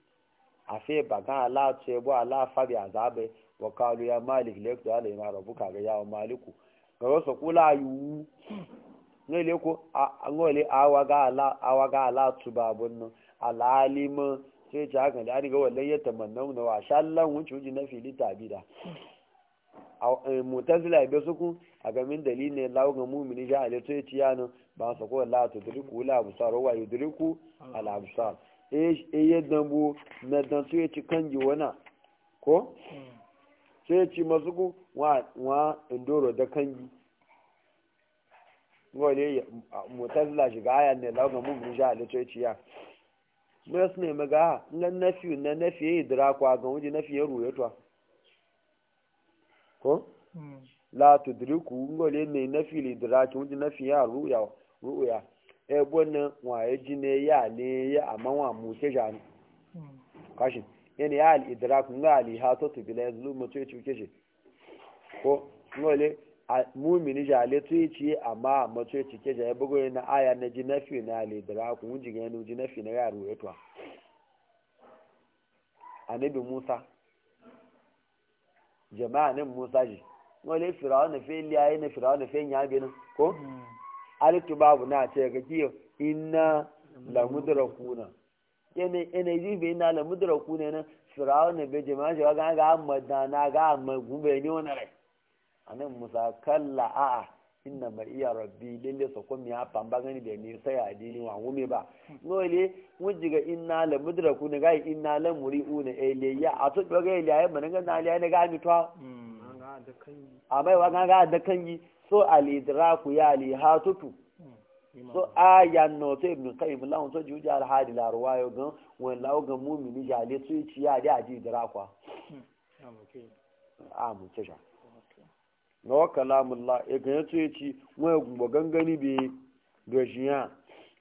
afe bagan ala ce bo ala fabi azabe wa kalu ya malik lekto ala ima rabuka ga yawo maliku ga wasu kula yiwu ngole ko ngole awaga ala awaga ala tuba bunno alalima sai ce haka da an ga wallan ya tamanna na wa shallan wuce wuce na fili tabida e, mutazila be suku a gamin dalilin ne lawo ga mumini ja ale to ya ciya nan ba sa ko la diriku la absar wa yudriku ala absar eye eh, eh, dambu na dan su ya ci kanji wana ko sai ya ci masu ku wa indoro da kanji wale mutazila shiga aya ne lauga mun buja a litoci ya mai su ne maga ah, na nafi na nafi ya yi dirakwa ga wuji nafi ya ruwa ko hmm. la diriku ngole ne nafi li diraki wuji nafi ya ebe na waye ji ne ya ne ya amma wa mu ke ja ne kashin yana ya al idrak nga ali ha to to bila zulu mu ce ce ce ko ngole mu'mini ja le to ce ama mu ce ce ke ja ya bugo na aya na ji nafi na al idrak mun ji ga ne ji nafi na yaro ya to anabi Musa jama'a nan Musa ji ngole fir'auna fe liya ne fir'auna fe nya bi ko hmm. alitu babu na ce ga kiyo inna la mudrakuna yana yana yi be na la mudrakuna na firawo ne be jama'a shi ga ga madana ga magube ne wannan rai anan musa kalla a inna ma iya rabbi lalle so ko miya pamba gani da ni sai adini wa wume ba wuji ga inna la mudrakuna ga inna la muriuna eh, a to ga eleya manan ga na ya ne ga mi to hmm. amma wa ga ga da kangi so alidraku ya alihatutu hmm, so aya na to ibn qayyim lawon to juja alhadi la ruwayo gan won lawo gan mumini ja le to ci ya de ji drakwa a hmm, ah, mu ce ja no wa kalamullah e gan to ci won gbo gangani bi dojiya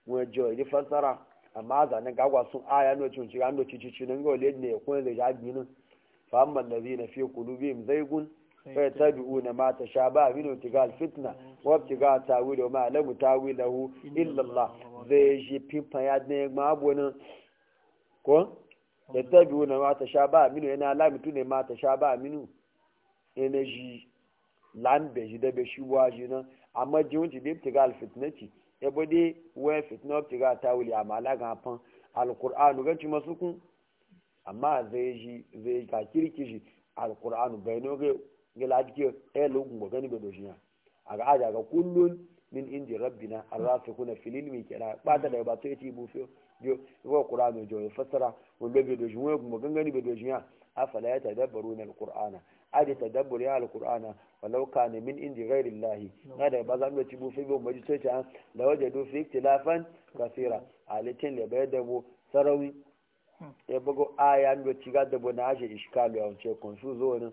won jo ile fasara amma za ne gwa sun aya no chunchi ci ando chichi ci ne go le ne ko le ja bi nu fa amma allazina fi qulubihim zaygun فيتبعون ما تشابه منه ابتغاء الفتنة وابتغاء تاويله وما لم تاويله إلا الله زي بيبا يدني ما أبونا كون يتبعون ما تشابه منه أنا لا متون ما تشابه منه energy land beji da be shi waji nan amma jiwunci bi ibtiga alfitnati ya bade wa fitna ibtiga tawili amma la ga fan alqur'anu ganci masukun amma zai ji zai ka kirkiji gila jike ɗaya logun ba gani ba doshi ya a ga aja ga kullun min indi rabbina arrafi kuna filin mai kira ta da ba sai bu bufiyo biyo ko qur'an jo fassara wallo be doshi wai kuma gangani be doshi ya afala ya tadabbaruna alqur'ana aje tadabbur ya alqur'ana walau kana min indi ghairi llahi da ba zan ci bufiyo ba mu ji sai ta da waje do fi tilafan kasira alitin da bai dabo sarawi hmm. ya bugo aya ga da bu na aje iskalu ya wuce kun su zo ne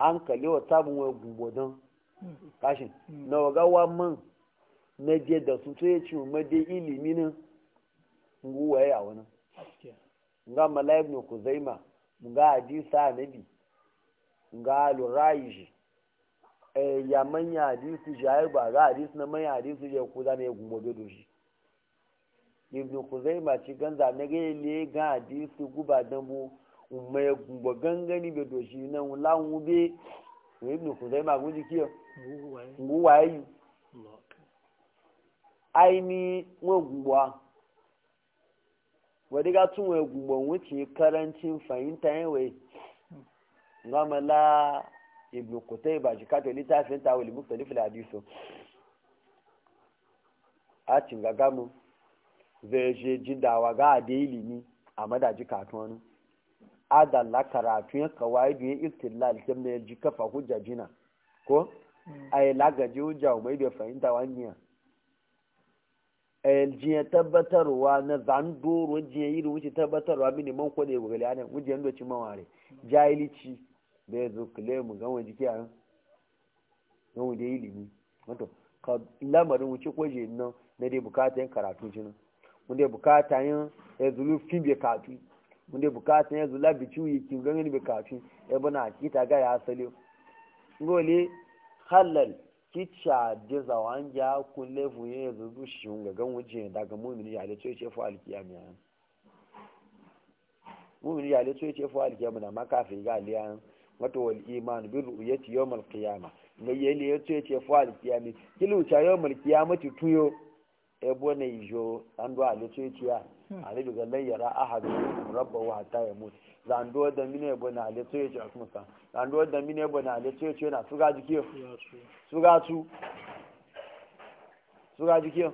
an kalli wa sabon wa gumbodon hmm. kashin hmm. na wagawa man na je da su to ya ci made ilimi nan nguwa ya wani nga mala ibn kuzaima nga hadisa nabi nga luraiji eh ya manya hadisi jai ba ga hadisi na manya hadisi ya kuza ne gumbodo do shi ibn kuzaima ci ganza na ga le ga hadisi guba dambu mai gumba gangani bai doshi nan lawun be wai ibn kuzaima guji kiyo nguwayi aini wọn gumba wadda ga tun wai gumba wuce karancin fahimta yin wai gamala ibn kutaiba shi kato littafin ta wuli muktalif ladiso a cin gagamu zai je jindawa ga a da a madaji katon wani adalla karatu ya kawai da ya istilal kim ne ji kafa hujja jina ko mm. ai lagaji hujja mai da fahimta waniya ai jiya tabbatarwa na zandoro jiya yi wuce tabbatarwa mini man ko da gogali anan wuje yando ci maware jahilici da ya zo kule mu ga wani jiki an ga wani ilimi wato ka lamarin wuce koje nan na dai bukata yin karatu jina mun dai bukata yin ya zulu fi bai karatu munde bukatun ya zula bi ciwo ki ganin bi kafin ya e bana kita ga ya asali ngole halal kicha de zawan ja kun levu yanzu zuzu shi ga gan wuje daga mu'mini ya le ce fa alkiyama mu'mini ya le ce fa alkiyama na makafi ga aliyan wato wal iman bi ru'yati yawm alqiyama ne yele ya tsoye ce fa alkiyami kilu cha yawm alqiyamati tuyo e bona ijo an ale ce ce ya Hmm. annabi ga layyara ahadu rabbahu hatta yamut zando da mine bona ale to ale na suga jikiyo suga tu suga jikiyo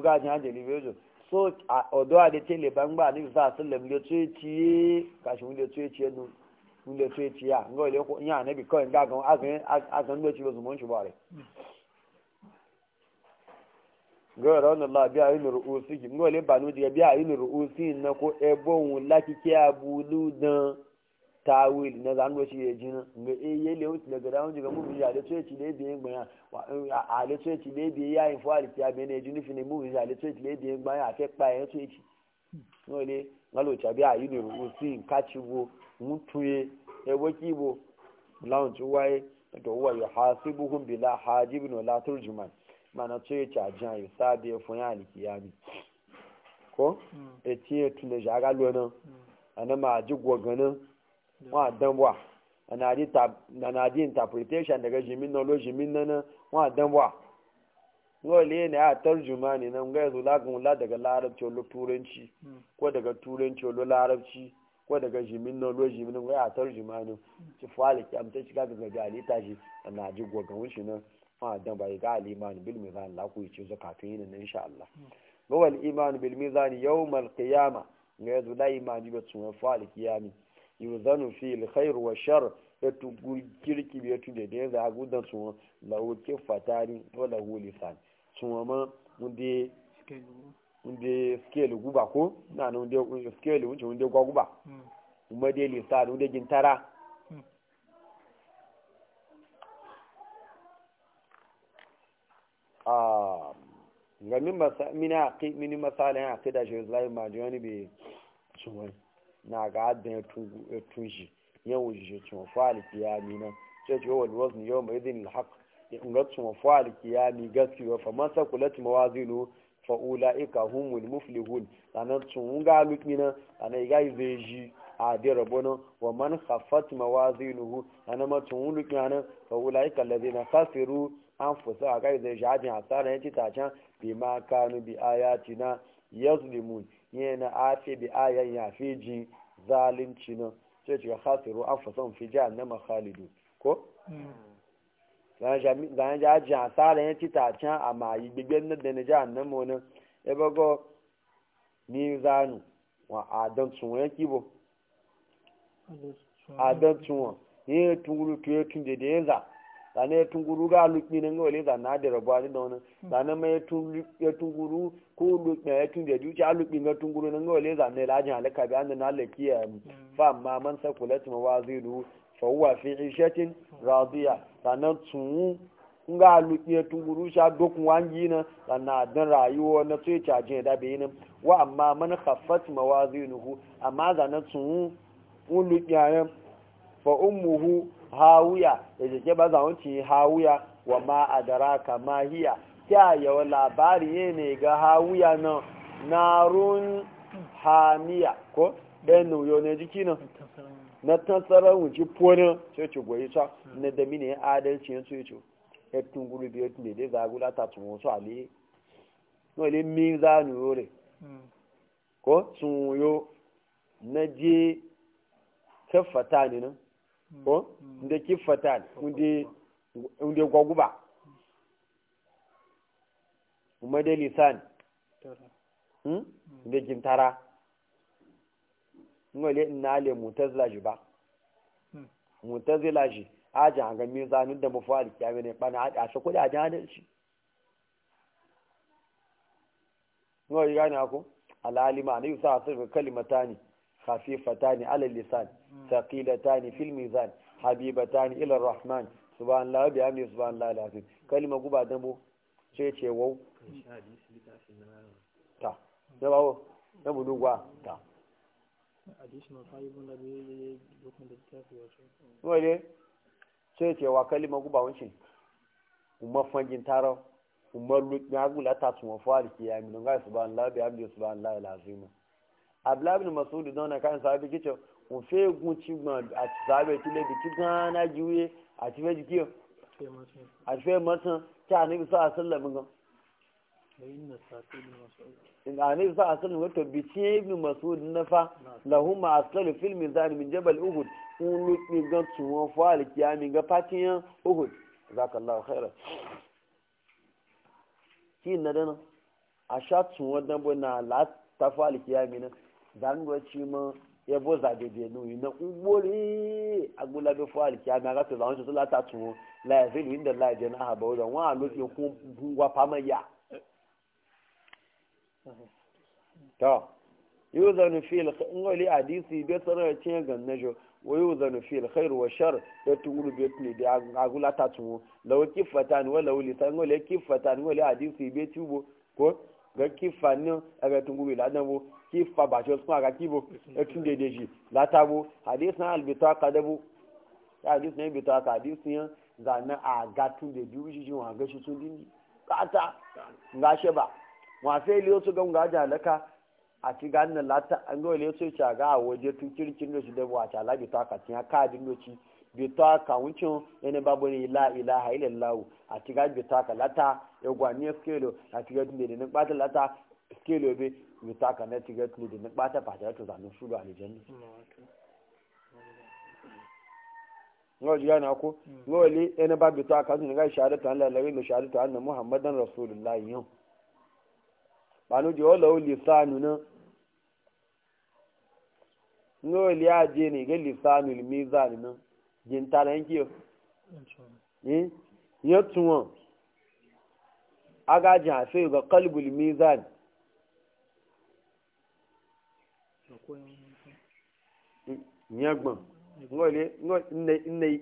suga ji hanje so odo ale tele bangba ni sa le to yace kashi mun le to yace nu mun le to yace ya ngo le ko nya annabi ko nga gan azan azan lo ci ga raunar la biya yin ru'usi ki ngo le banu diga biya yin ru'usi na ko ebon la ki ki abulu dan tawil na zan go shi jina ngo e ye le wuti daga dawo diga mu biya le tsoci le biye gbaya a le le biye ya in fuari ti abe ne jini fini mu biya le tsoci le biye gbaya a fe pa yin ru'usi e ka chi bo mutuye ebo ki bo bila hajibin turjuman mana tsoye ci mm. e mm. a jan yi sabi ya fun ya alikiyami ko eti tiye tun da shaga lona ana ma na gwaganin wa danwa ana di interpretation daga jimin na lo jimin na na wa danwa ngole ne a tarjuma ne nan ga yanzu lagun la daga larabci lo turanci mm. ko daga turanci lo larabci ko daga jimin na lo jimin ga a tarjuma ne ci fali ki amta shiga daga gali ta shi ana ji gwaganin wuce na. fa dan bai ga al-iman bil mizan la ku yace zaka yin nan insha Allah wa hmm. wal iman bil mizan yawm al qiyama ne yazo da imani ba tun fa al qiyami yuzanu fi al khair wa shar yatu kirki bi yatu da za a gudan su la u kifatani wa la hu lisan tun ma mun de skele guba ko na nan munde scale wuce munde guba kuma hmm. dai lisan de gintara ga min misalin aqida shi zai ma ji wani bai tsuwai na ga adda ya tun shi ya wuce shi tun fali kiyami nan sai ce wal wazn yawma idhin al haqq in ga tun fali kiyami gaskiya fa man sakulat mawazinu fa ulaika humul muflihun sanan tun ga luki nan sanan ga zai ji a dira bono wa man khaffat mawazinuhu sanan ma tun luki na, fa ulaika alladhina khasiru an fusa a kai zai shafin hasara ya ta tacen bi ma kanu bi ayati na yazlimun yana afi bi ayan ya fi ji zalunci nan sai ci ga khasiru an fusa fi ji annama khalidu ko zan ja ji hasara ya ci tacen a mayi gbigben na da na ji annama wani ebe ni zanu wa adan tun ya bo? adan tun wa ya turu tuye tun da da ya za zane tunguru ga lukmi nan wale na da rabuwa da wani zane mai ya tunguru ko lukmi ya tun da juci a lukmi ga tunguru nan wale na lajin halaka bi an na lakiya hmm. fa amma man wa mawazilu fa huwa fi ishatin radiya sanan tunu ga lukmi ya tunguru sha dokun wangi na sana dan rayuwa na tsaye caje da bayin wa amma man khaffat mawazinuhu amma zanatsu tunu un lukmi ya fa ummuhu hawuya da jike ba za wuce hawuya wa ma adara kama hiya ta yawa labari ne ga hawuya na narun hamiya ko ɗayan nuyo ne jiki nan na tansarar wuce ponin sai ce goyi na da mini adalci yin sai ce etun guru biyar ne dai zagula ta tun wasu aliyu no ile min za nuyo re ko tun yo na je kafata ne nan ko mm. nde kifatan unde unde gwaguba umade lisan hmm mm. nde jintara ngole na mutazila ji ba mm. mutazila ji aja ga mizanu da mafali kyawe ne bana a shi kudi a jihadin shi ngole gane ako al'alima ne yusa asir kalimata ne خفيفتان على اللسان ثقيلتان في الميزان حبيبتان إلى الرحمن سبحان الله بأمر سبحان الله العظيم كلمة قبعة دمو شيء شيء وو تا نبغو نبغو نبغو تا wale sai ce wa kalima guba wancin umar fangin taro umar lukmi agula ta sun wafa da ke yami don gaisu ba an labi abin su ba an labi lazima abdullahi masudu don na kan sabi kicho mo fe gun ti gbon àti sabi ti le bi ti gan na juwe àti fe jikiyo àti fe matan ti anabi sa sallam gan anabi sa sallam wato bi ti ibn masud na fa lahum asalu fil mizan min jabal uhud un lu ni gan tu won fo al kiyami ga patiyan uhud jazakallahu khairan kin na dana a sha tun wadan bo na la ta fo zangoci ma ya bo zabe da nuyi na ugbori agbula bi fo aliki ami aga to lawon ta tun la ya zeli inda la je na ha ba wa lo ti kun gungwa pama ya to yuzanu fil ngoli hadisi be tsara ce ganna jo ويوزن فيه الخير والشر يتقول بيتني دي اقول اتاتو لو كفتان ولا ولسان ولا كفتان ولا حديث بيتو ko ga kifanin aga tungu bi ladan ki fa ba fún ara kí bo, ya dédé daidai shi la ta bu hadis na albita ka dabu hadis na albita ka hadis ne zana a ga tun da wọn shi wa ga shi nga she ba wa sai liyo su ga nga jalaka a ci ga nan lata an ga liyo su ci ga waje da shi da wa ta labita ka tin ka ka babu a da lata kele be yuta ka na tiga tulu da bata fata to zanu shuru aljanna ngo ji yana ko mm. ngo li ene ba bita ka ni ga shahadatu an la ilaha illa nna anna muhammadan rasulullahi yau banu ji wala uli sanu na ngo li aje ni ga lisanu al mizan na jin talan kiyo eh yatsuwa aga ji hafe ga qalbul mizan nyagbọn ngole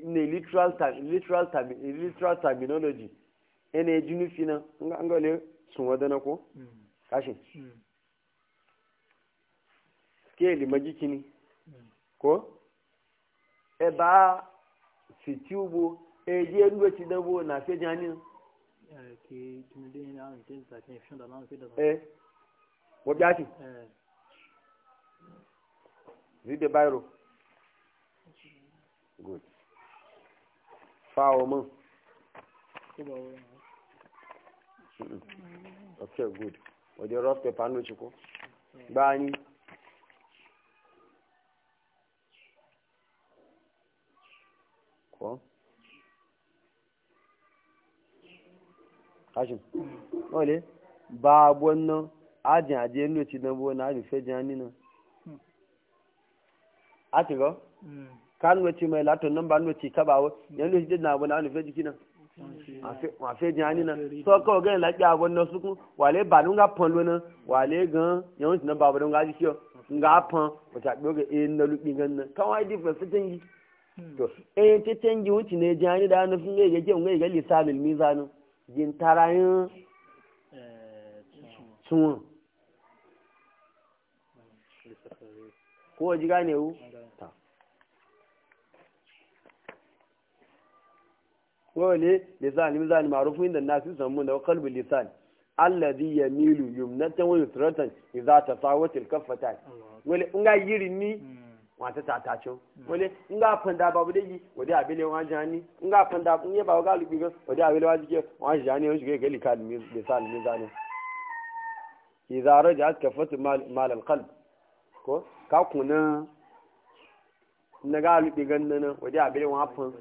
ne literal na terminology ene ejinu fina ngole sun literal ko kashin scale majikini ko e ba fitubo e je nwe ti na fe jani ke jimide ni awon intensa ti na fe da eh wo ati read the biro good fawo mun okay good wajen rough paper no ci ko bani ko kashin hmm. ba abuwan nan ajin ajiyar lokaci na buwa na ajin fejiyar nina ati go mm. kan wace mai latin nan ba wace ka ba yanzu shi na abu na nufe jiki nan a fe jani nan so kawo la lafiya abu no suku wale ba nun ga lo lona wale gan yawon shi na ba don gaji kiyo nga pan wata ɗoga en na bi gan na kan wani difference ta tangi hmm. to ti ta tangi wuce ne jani da nufin ne ga kyan gai ga lisanin mizanu jin tarayin tsuwon ko waji gane wu wale lisan lisan ma'rufin da nasu sammu da qalbi lisan alladhi yamilu yumnatan wa yusratan idza tasawat al-kaffatan wale nga yiri ni hmm. wata ta ta cho wale hmm. nga fanda babu da yi wade abele wa jani nga fanda kun ye babu galu ga wadi abele wa jike wa jani yo jike gali kal lisan lisan idza raja'at kaffatu mal al-qalb ko ka kuna na galu bi ganna wade abele wa fan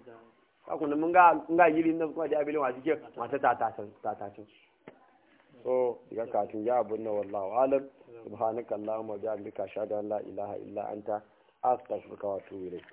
kakun mun ga mun ga yiri kuma da abilin waje ke mata ta ta so daga katin ya abun na wallahu alam subhanaka allahumma bihamdika ashhadu an la ilaha illa anta astaghfiruka wa atubu ilayk